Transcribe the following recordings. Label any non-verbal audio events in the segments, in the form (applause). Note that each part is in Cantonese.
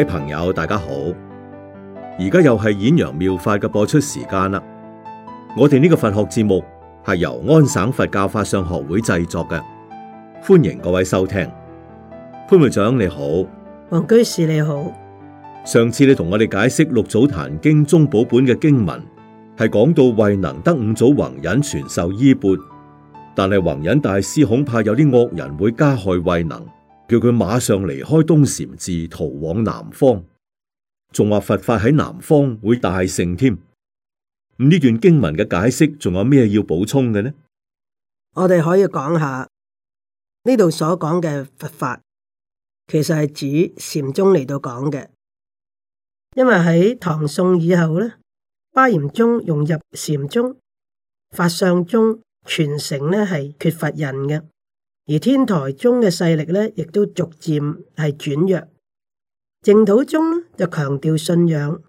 各位朋友，大家好！而家又係《演揚妙法》嘅播出時間啦。我哋呢個佛學節目係由安省佛教法相學會製作嘅，歡迎各位收聽。潘會長你好，黃居士你好。上次你同我哋解釋《六祖壇經》宗寶本嘅經文，係講到慧能得五祖弘忍傳授衣鉢，但係弘忍大師恐怕有啲惡人會加害慧能。叫佢馬上離開東禪寺，逃往南方，仲話佛法喺南方會大盛添。咁呢段經文嘅解釋，仲有咩要補充嘅呢？我哋可以講下呢度所講嘅佛法，其實係指禪宗嚟到講嘅，因為喺唐宋以後咧，華嚴宗融入禪宗、法相宗傳承咧係缺乏人嘅。而天台宗嘅勢力呢，亦都逐漸係轉弱。淨土宗就強調信仰，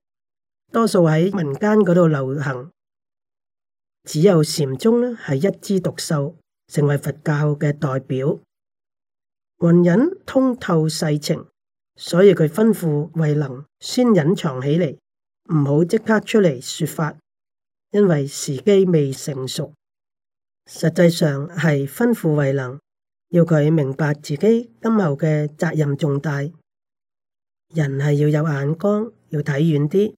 多數喺民間嗰度流行。只有禪宗呢，係一枝獨秀，成為佛教嘅代表。雲隱通透世情，所以佢吩咐慧能先隱藏起嚟，唔好即刻出嚟說法，因為時機未成熟。實際上係吩咐慧能。要佢明白自己今後嘅責任重大，人係要有眼光，要睇遠啲，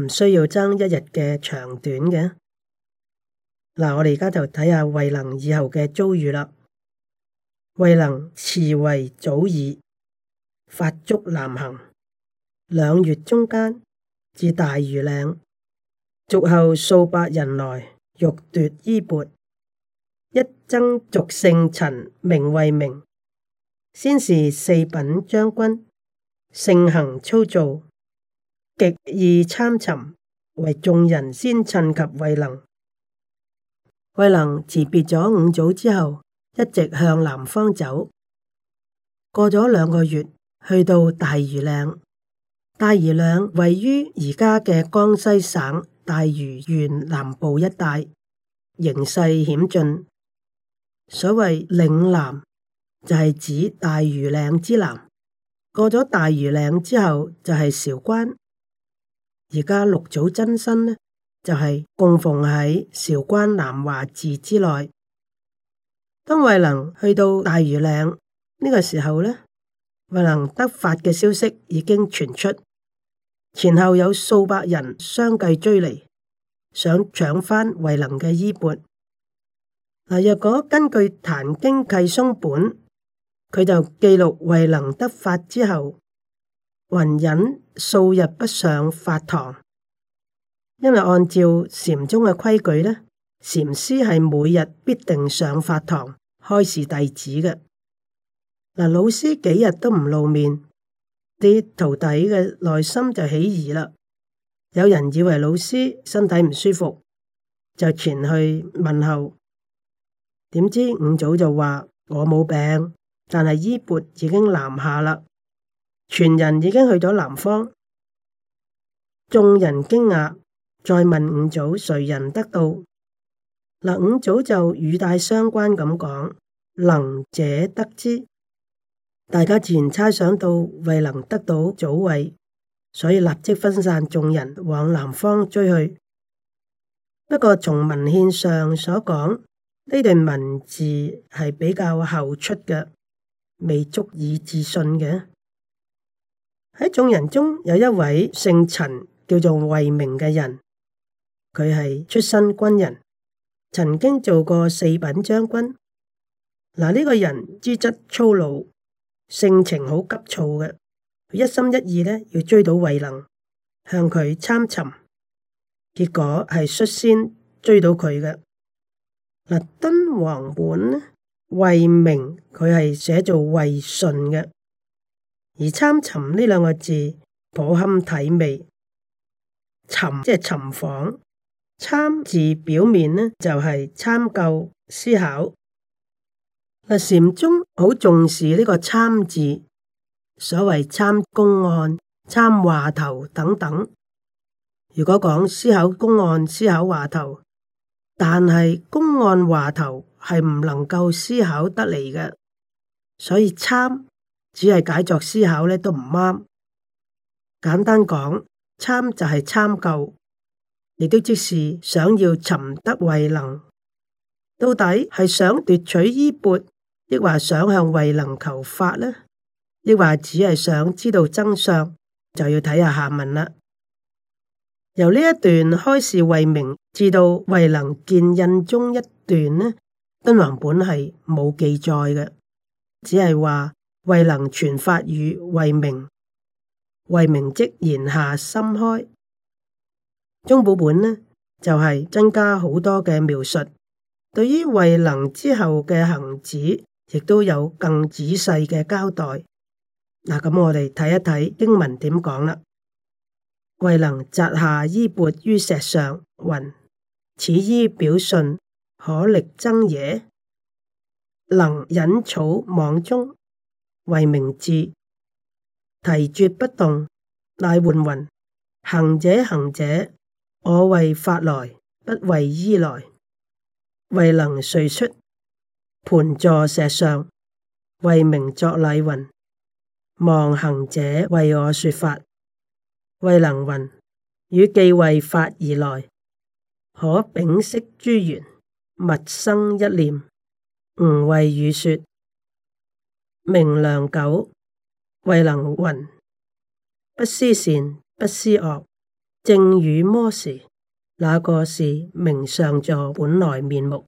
唔需要爭一日嘅長短嘅。嗱，我哋而家就睇下慧能以後嘅遭遇啦。慧能辭違早已，發足南行，兩月中間至大余嶺，續後數百人來欲奪衣鉢。一僧俗姓陳，名惠明，先是四品將軍，性行粗躁，極易參尋，為眾人先趁及惠能。惠能辭別咗五祖之後，一直向南方走。過咗兩個月，去到大庾嶺。大庾嶺位於而家嘅江西省大余縣南部一帶，形勢險峻。所謂嶺南就係、是、指大庾嶺之南，過咗大庾嶺之後就係、是、韶關。而家六祖真身呢就係、是、供奉喺韶關南華寺之內。當慧能去到大庾嶺呢個時候呢，慧能得法嘅消息已經傳出，前後有數百人相繼追嚟，想搶返慧能嘅衣缽。若果根據《壇經》契嵩本，佢就記錄慧能得法之後，雲隱數日不上法堂，因為按照禪宗嘅規矩呢，禪師係每日必定上法堂，開示弟子嘅。嗱，老師幾日都唔露面，啲徒弟嘅內心就起疑啦。有人以為老師身體唔舒服，就前去問候。點知五祖就話我冇病，但係衣缽已經南下啦，傳人已經去咗南方。眾人驚訝，再問五祖誰人得到？嗱，五祖就語帶雙關咁講，「能者得之」，大家自然猜想到未能得到祖位，所以立即分散眾人往南方追去。不過從文獻上所講。呢段文字係比較後出嘅，未足以置信嘅。喺眾人中有一位姓陳，叫做惠明嘅人，佢係出身軍人，曾經做過四品將軍。嗱、這、呢個人資質粗魯，性情好急躁嘅，佢一心一意呢要追到惠能，向佢參尋，結果係率先追到佢嘅。嗱，敦煌本呢，慧明，佢係寫做慧信嘅。而參尋呢兩個字，頗堪體味。尋即係尋訪，參字表面呢就係、是、參究思考。嗱，禪宗好重視呢個參字，所謂參公案、參話頭等等。如果講思考公案、思考話頭。但係公案話頭係唔能夠思考得嚟嘅，所以參只係解作思考呢都唔啱。簡單講，參就係參究，亦都即是想要尋得慧能。到底係想奪取衣缽，抑或想向慧能求法呢？抑或只係想知道真相，就要睇下下文啦。由呢一段開始慧明，至到慧能見印宗一段呢，敦煌本係冇記載嘅，只係話慧能傳法與慧明，慧明即言下心開。宗寶本呢就係、是、增加好多嘅描述，對於慧能之後嘅行止亦都有更仔細嘅交代。嗱，咁我哋睇一睇英文點講啦。惠能摘下衣缽於石上，云，此衣表信，可力爭也。能隱草莽中。惠明至，提掇不動，乃喚云，行者行者，我為法來，不為衣來。惠能遂出，盤坐石上，惠明作禮云，望行者為我說法。慧能云：汝既為法而來，可屏息諸緣，勿生一念。吾為汝說，明良久。慧能云：不思善，不思惡，正與麼時，那個是明上座本來面目。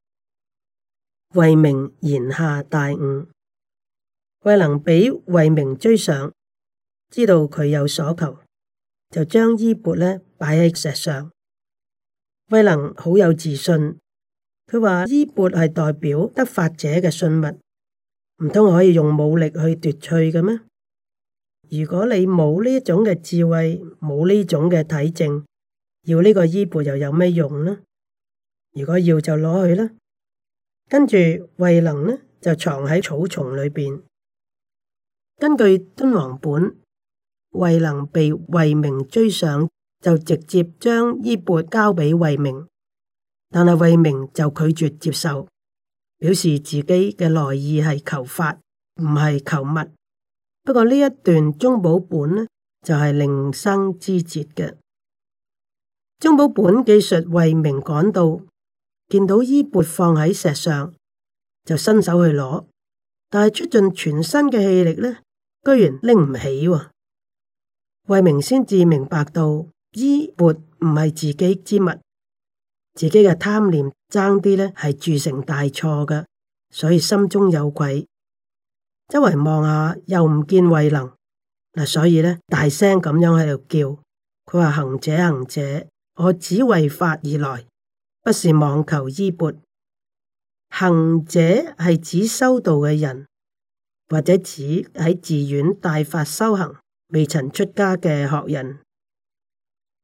慧明言下大悟，慧能俾慧明追上，知道佢有所求。就將衣缽咧擺喺石上，慧能好有自信，佢話衣缽係代表得法者嘅信物，唔通可以用武力去奪取嘅咩？如果你冇呢種嘅智慧，冇呢種嘅體證，要呢個衣缽又有咩用呢？如果要就攞去啦，跟住慧能呢，就藏喺草叢裏邊。根據敦煌本。慧能被慧明追上，就直接將衣鉢交俾慧明。但係慧明就拒絕接受，表示自己嘅來意係求法，唔係求物。不過呢一段中寶本呢就係、是、另生枝節嘅。中寶本記述慧明趕到，見到衣鉢放喺石上，就伸手去攞，但係出盡全身嘅氣力呢，居然拎唔起，啊。慧明先至明白到衣鉢唔係自己之物，自己嘅貪念爭啲咧係鑄成大錯嘅，所以心中有鬼。周圍望下又唔見慧能，嗱，所以咧大聲咁樣喺度叫。佢話，行者，行者，我只為法而來，不是妄求衣鉢。行者係指修道嘅人，或者指喺寺院大法修行，未曾出家嘅學人，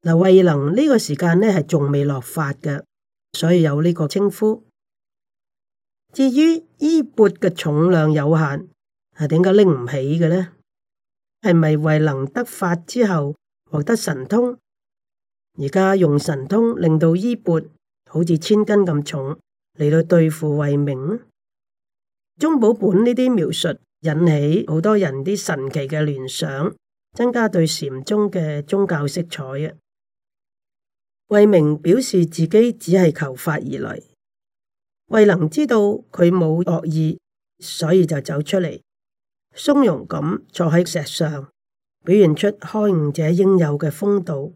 盧慧能呢個時間呢係仲未落髮嘅，所以有呢個稱呼。至於衣缽嘅重量有限，係點解拎唔起嘅呢？係咪慧能得法之後獲得神通，而家用神通令到衣缽好似千斤咁重嚟到對付慧明呢？宗寶本呢啲描述引起好多人啲神奇嘅聯想。增加對禪宗嘅宗教色彩啊！慧明表示自己只係求法而來，慧能知道佢冇惡意，所以就走出嚟，鬆容咁坐喺石上，表現出開悟者應有嘅風度。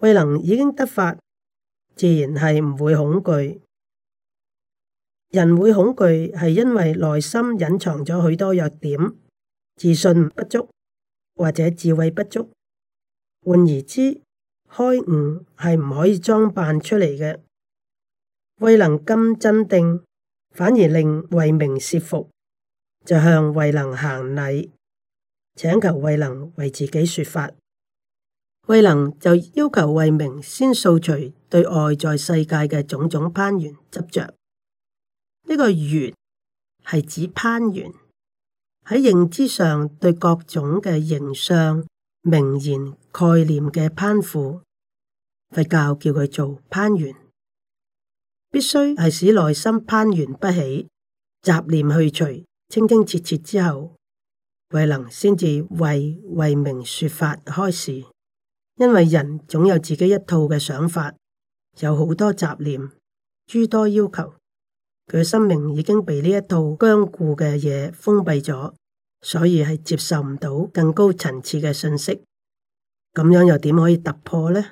慧能已經得法，自然係唔會恐懼。人會恐懼係因為內心隱藏咗許多弱點，自信不足。或者智慧不足，換言之，開悟係唔可以裝扮出嚟嘅。慧能咁鎮定，反而令慧明說服，就向慧能行禮，請求慧能為自己說法。慧能就要求慧明先掃除對外在世界嘅種種攀緣執着，呢、這個緣係指攀緣。喺認知上對各種嘅形象、名言、概念嘅攀附，佛教叫佢做攀緣，必須係使內心攀緣不起，雜念去除，清清澈澈之後，為能才能先至為為明說法開示。因為人總有自己一套嘅想法，有好多雜念，諸多要求。佢嘅生命已經被呢一套僵固嘅嘢封閉咗，所以係接受唔到更高層次嘅信息。咁樣又點可以突破呢？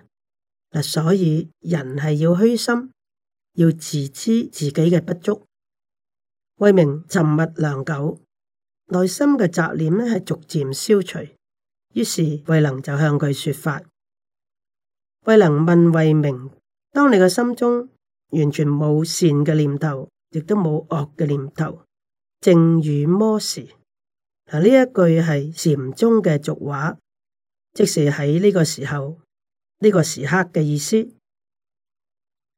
嗱，所以人係要虛心，要自知自己嘅不足。慧明沉默良久，內心嘅雜念呢係逐漸消除。於是慧能就向佢說法。慧能問慧明，當你嘅心中完全冇善嘅念頭，亦都冇惡嘅念頭，正與魔時。嗱，呢一句係禪宗嘅俗話，即是喺呢個時候、呢個時刻嘅意思。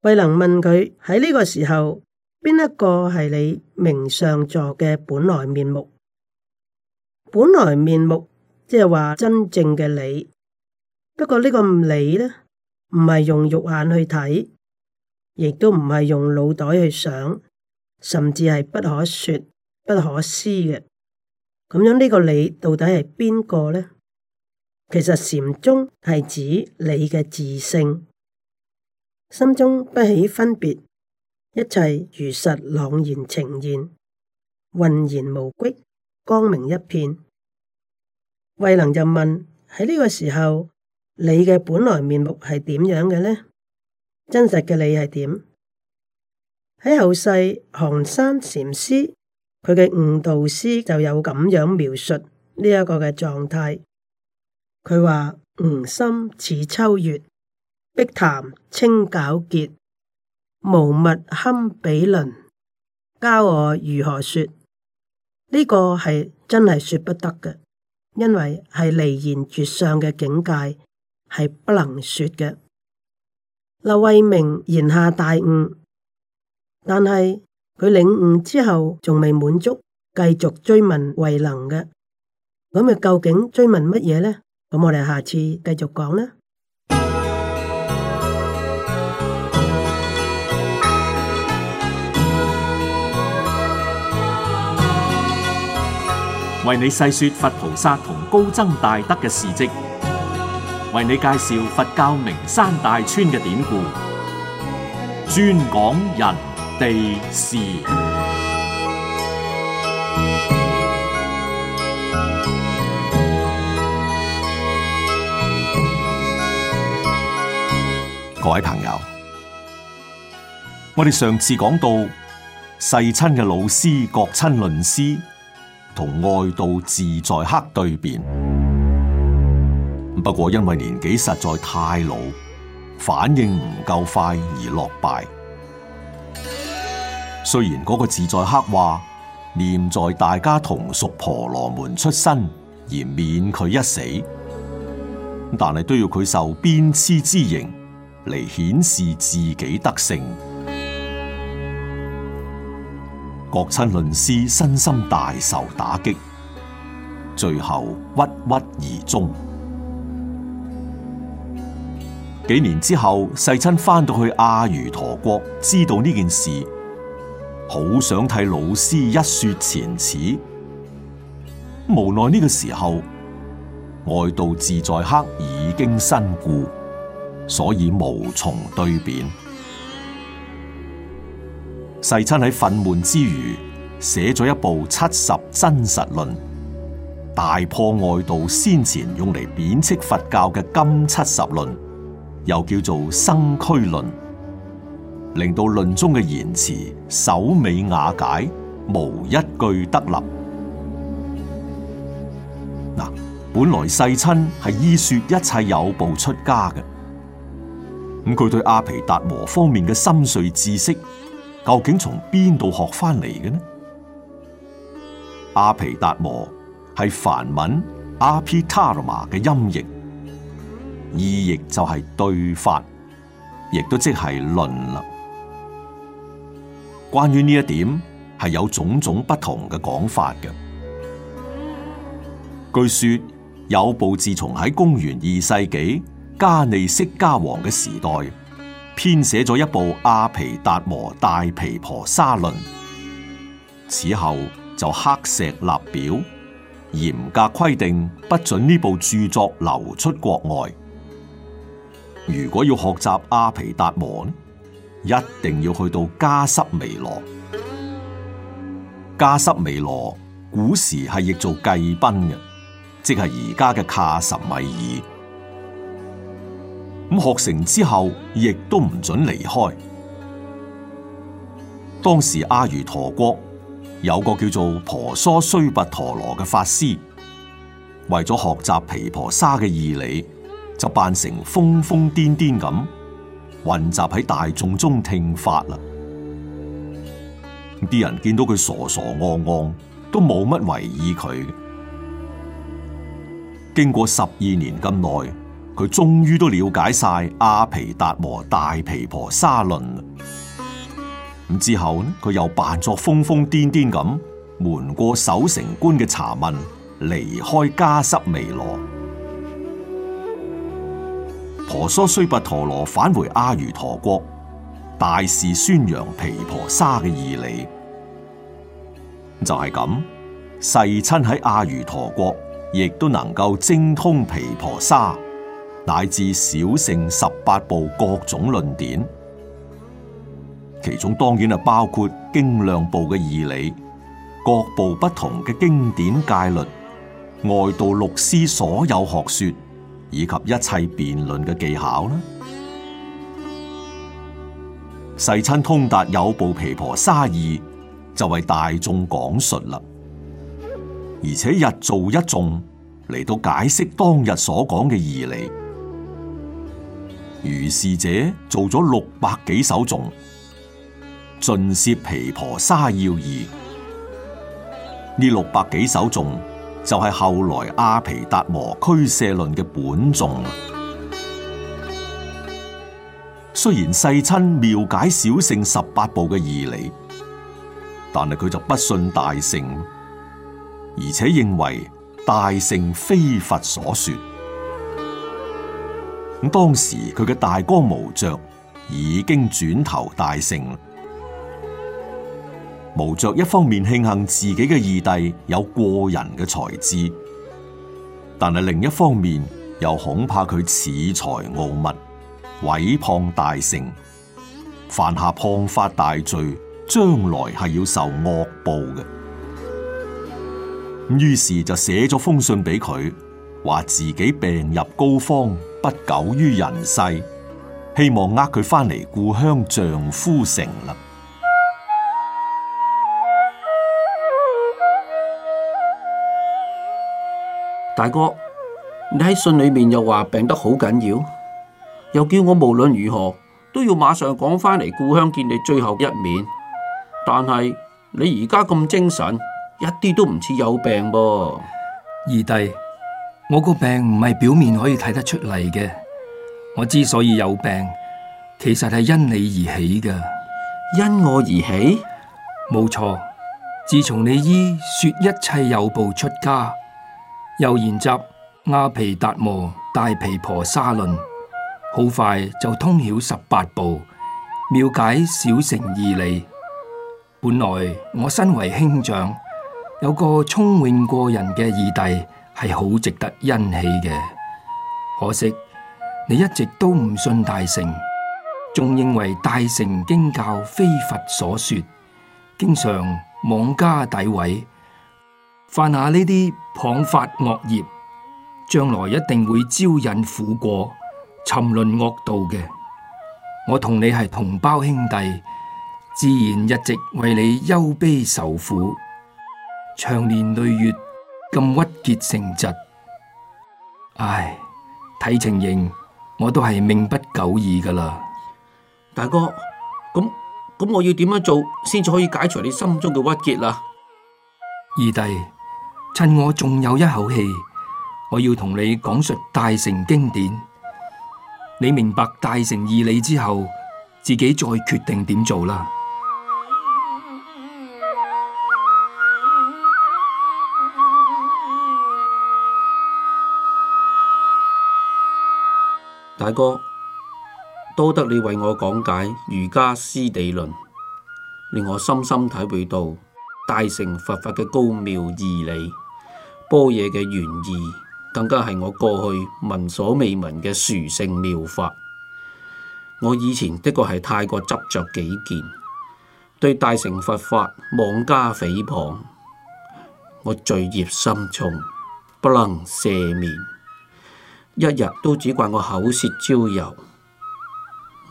慧能問佢喺呢個時候，邊、這個、一個係你名上座嘅本來面目？本來面目即係話真正嘅你。不過呢個你呢，唔係用肉眼去睇，亦都唔係用腦袋去想。甚至係不可說、不可思嘅。咁樣呢個你到底係邊個呢？其實禪宗係指你嘅自性，心中不起分別，一切如實朗然呈現，渾然無骨，光明一片。慧能就問：喺呢個時候，你嘅本來面目係點樣嘅呢？真實嘅你係點？喺後世，寒山禪師佢嘅悟道詩就有咁樣描述呢一個嘅狀態。佢話：吾心似秋月，碧潭清皎潔，無物堪比倫。教我如何說？呢、這個係真係說不得嘅，因為係離言絕相嘅境界，係不能說嘅。劉慧明言下大悟。但係佢領悟之後，仲未滿足，繼續追問慧能嘅。咁佢，究竟追問乜嘢呢？咁我哋下次繼續講啦。為你細說佛菩薩同高僧大德嘅事跡，為你介紹佛教名山大川嘅典故，專講人。地師，各位朋友，我哋上次講到，世親嘅老師，國親論師，同外道自在黑對辯。不過因為年紀實在太老，反應唔夠快而落敗。雖然嗰個自在黑話，念在大家同屬婆羅門出身而免佢一死，但係都要佢受鞭笞之刑嚟顯示自己得勝。國親論師身心大受打擊，最後鬱鬱而終。幾年之後，世親翻到去阿如陀國，知道呢件事。好想替老師一說前恥，無奈呢個時候，外道自在黑已經身故，所以無從對辯。 (noise) 世親喺憤懣之餘，寫咗一部《七十真實論》，大破外道先前用嚟貶斥佛教嘅《金七十論》，又叫做《生俱論》。令到論中嘅言辭首尾瓦解，無一句得立。嗱，本來世親係依說一切有部出家嘅，咁佢對阿毗達摩方面嘅深邃知識，究竟從邊度學翻嚟嘅呢？阿毗達摩係梵文阿毗塔羅嘛嘅音譯，意譯就係對法，亦都即係論啦。關於呢一點，係有種種不同嘅講法嘅。據說有部自從喺公元二世紀加利色加王嘅時代，編寫咗一部《阿皮達摩大皮婆沙論》，此後就刻石立表，嚴格規定不准呢部著作流出國外。如果要學習阿皮達摩一定要去到加濕彌羅，加濕彌羅古時係譯做祭賓嘅，即係而家嘅卡什米爾。咁學成之後，亦都唔准離開。當時阿如陀國有個叫做婆娑須拔陀羅嘅法師，為咗學習毗婆沙嘅義理，就扮成瘋瘋癲癲咁。混集喺大眾中聽法啦，啲人見到佢傻傻戇戇，都冇乜為意佢。經過十二年咁耐，佢終於都了解晒阿皮達摩大皮婆沙倫。咁之後呢，佢又扮作瘋瘋癲癲咁瞞過守城官嘅查問，離開加濕彌羅。婆娑須不陀羅返回阿瑜陀國，大肆宣揚皮婆沙嘅義理，就係、是、咁。世親喺阿瑜陀國，亦都能夠精通皮婆沙，乃至小乘十八部各種論點，其中當然係包括經量部嘅義理，各部不同嘅經典戒律，外道六師所有學說。以及一切辯論嘅技巧啦，世親通達有部毗婆沙義，就為大眾講述啦，而且日做一眾嚟到解釋當日所講嘅義理。如是者做咗六百幾首頌，盡攝毗婆沙要義。呢六百幾首頌。就係後來阿毗達磨俱舍論嘅本眾，雖然世親妙解小乘十八部嘅義理，但係佢就不信大乘，而且認為大乘非佛所說。咁當時佢嘅大哥無著已經轉投大乘。無着一方面慶幸自己嘅二弟有過人嘅才智，但係另一方面又恐怕佢恃才傲物，毀謗大乘，犯下謗法大罪，將來係要受惡報嘅。咁於是就寫咗封信俾佢，話自己病入膏肓，不久於人世，希望呃佢翻嚟故鄉丈夫城啦。大哥，你喺信裏面又話病得好緊要，又叫我無論如何都要馬上趕翻嚟故鄉見你最後一面。但係你而家咁精神，一啲都唔似有病噃。二弟，我個病唔係表面可以睇得出嚟嘅。我之所以有病，其實係因你而起嘅。因我而起？冇錯，自從你姨說一切有步出家。又研習阿毗達摩、大毗婆沙論，好快就通曉十八部，妙解小乘義理。本來我身為兄長，有個聰穎過人嘅二弟，係好值得欣喜嘅。可惜你一直都唔信大乘，仲認為大乘經教非佛所說，經常妄加詆毀。犯下呢啲枉法惡業，將來一定會招引苦果，沉淪惡道嘅。我同你係同胞兄弟，自然一直為你憂悲愁苦，長年累月咁鬱結成疾。唉，睇情形，我都係命不久矣噶啦。大哥，咁咁我要點樣做先至可以解除你心中嘅鬱結呀？二弟。趁我仲有一口氣，我要同你講述大乘經典。你明白大乘義理之後，自己再決定點做啦。大哥，多得你為我講解瑜伽師地論，令我深深體會到大乘佛法嘅高妙義理。般若嘅原意，更加係我過去聞所未聞嘅殊勝妙法。我以前的確係太過執着己見，對大乘佛法妄加誹謗，我罪孽深重，不能赦免。一日都只怪我口舌招尤，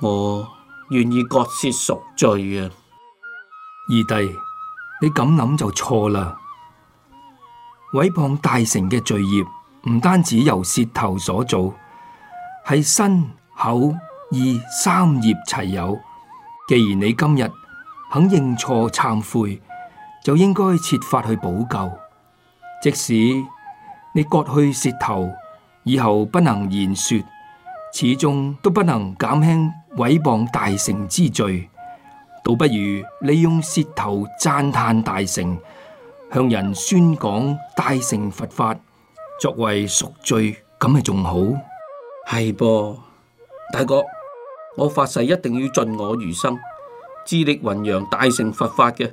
我願意割舌贖罪啊！二弟，你咁諗就錯啦。毀謗大成嘅罪業，唔單止由舌頭所做，係身、口、意三業齊有。既然你今日肯認錯懺悔，就應該設法去補救。即使你割去舌頭，以後不能言說，始終都不能減輕毀謗大成之罪，倒不如利用舌頭讚嘆大成。向人宣講大乘佛法，作為贖罪咁咪仲好？係噃，大哥，我發誓一定要盡我餘生，致力弘揚大乘佛法嘅。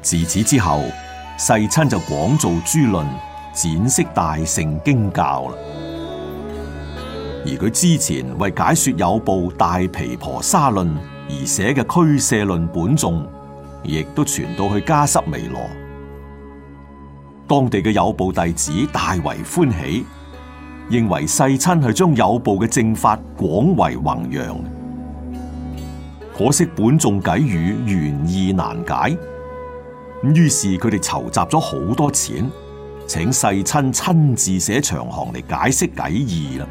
自此之後，世親就廣造諸論，展釋大乘經教啦。而佢之前為解說有部大毗婆沙論。而寫嘅《俱舍論》本頌，亦都傳到去加濕彌羅，當地嘅有部弟子大為歡喜，認為世親係將有部嘅正法廣為弘揚。可惜本頌偈語原意難解，咁於是佢哋籌集咗好多錢，請世親親自寫長行嚟解釋偈義啦。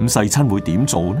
咁世親會點做呢？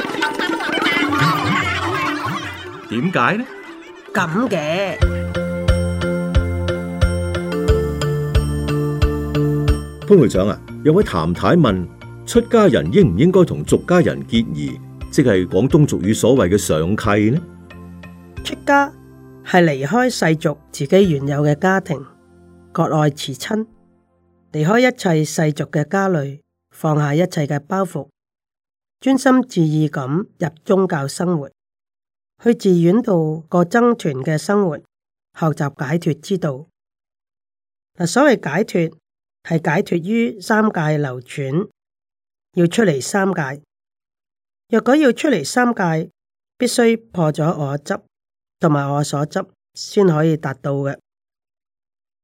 點解呢？咁嘅，潘會長啊，有位譚太問：出家人應唔應該同俗家人結義，即係廣東俗語所謂嘅上契呢？出家係離開世俗，自己原有嘅家庭，割愛辭親，離開一切世俗嘅家累，放下一切嘅包袱，專心致意咁入宗教生活。去寺院度過僧團嘅生活，學習解脫之道。所謂解脫係解脫於三界流轉，要出嚟三界。若果要出嚟三界，必須破咗我執同埋我所執，先可以達到嘅。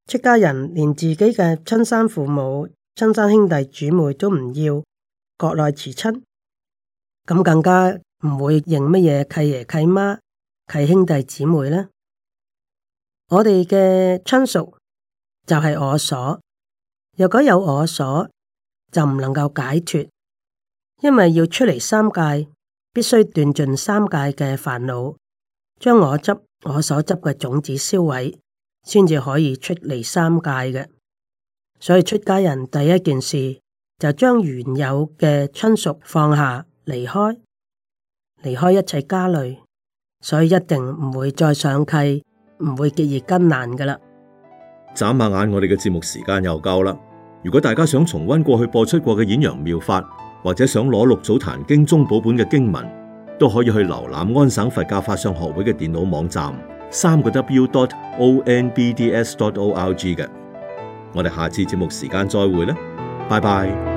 出家人連自己嘅親生父母、親生兄弟姊妹都唔要，國內辭親，咁更加。唔會認乜嘢契爺契媽契兄弟姊妹呢？我哋嘅親屬就係我所。如果有我所，就唔能夠解脫，因為要出嚟三界，必須斷盡三界嘅煩惱，將我執我所執嘅種子銷毀，先至可以出嚟三界嘅。所以出家人第一件事就將原有嘅親屬放下離開。離開一切家累，所以一定唔會再上契，唔會結而更難㗎喇。眨下眼，我哋嘅節目時間又夠啦。如果大家想重温過去播出過嘅演揚妙法，或者想攞六祖壇經中寶本嘅經文，都可以去瀏覽安省佛教法相學會嘅電腦網站，三個 w dot o n b d s dot o r g 嘅。我哋下次節目時間再會啦，拜拜。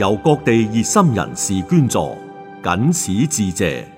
由各地熱心人士捐助，謹此致謝。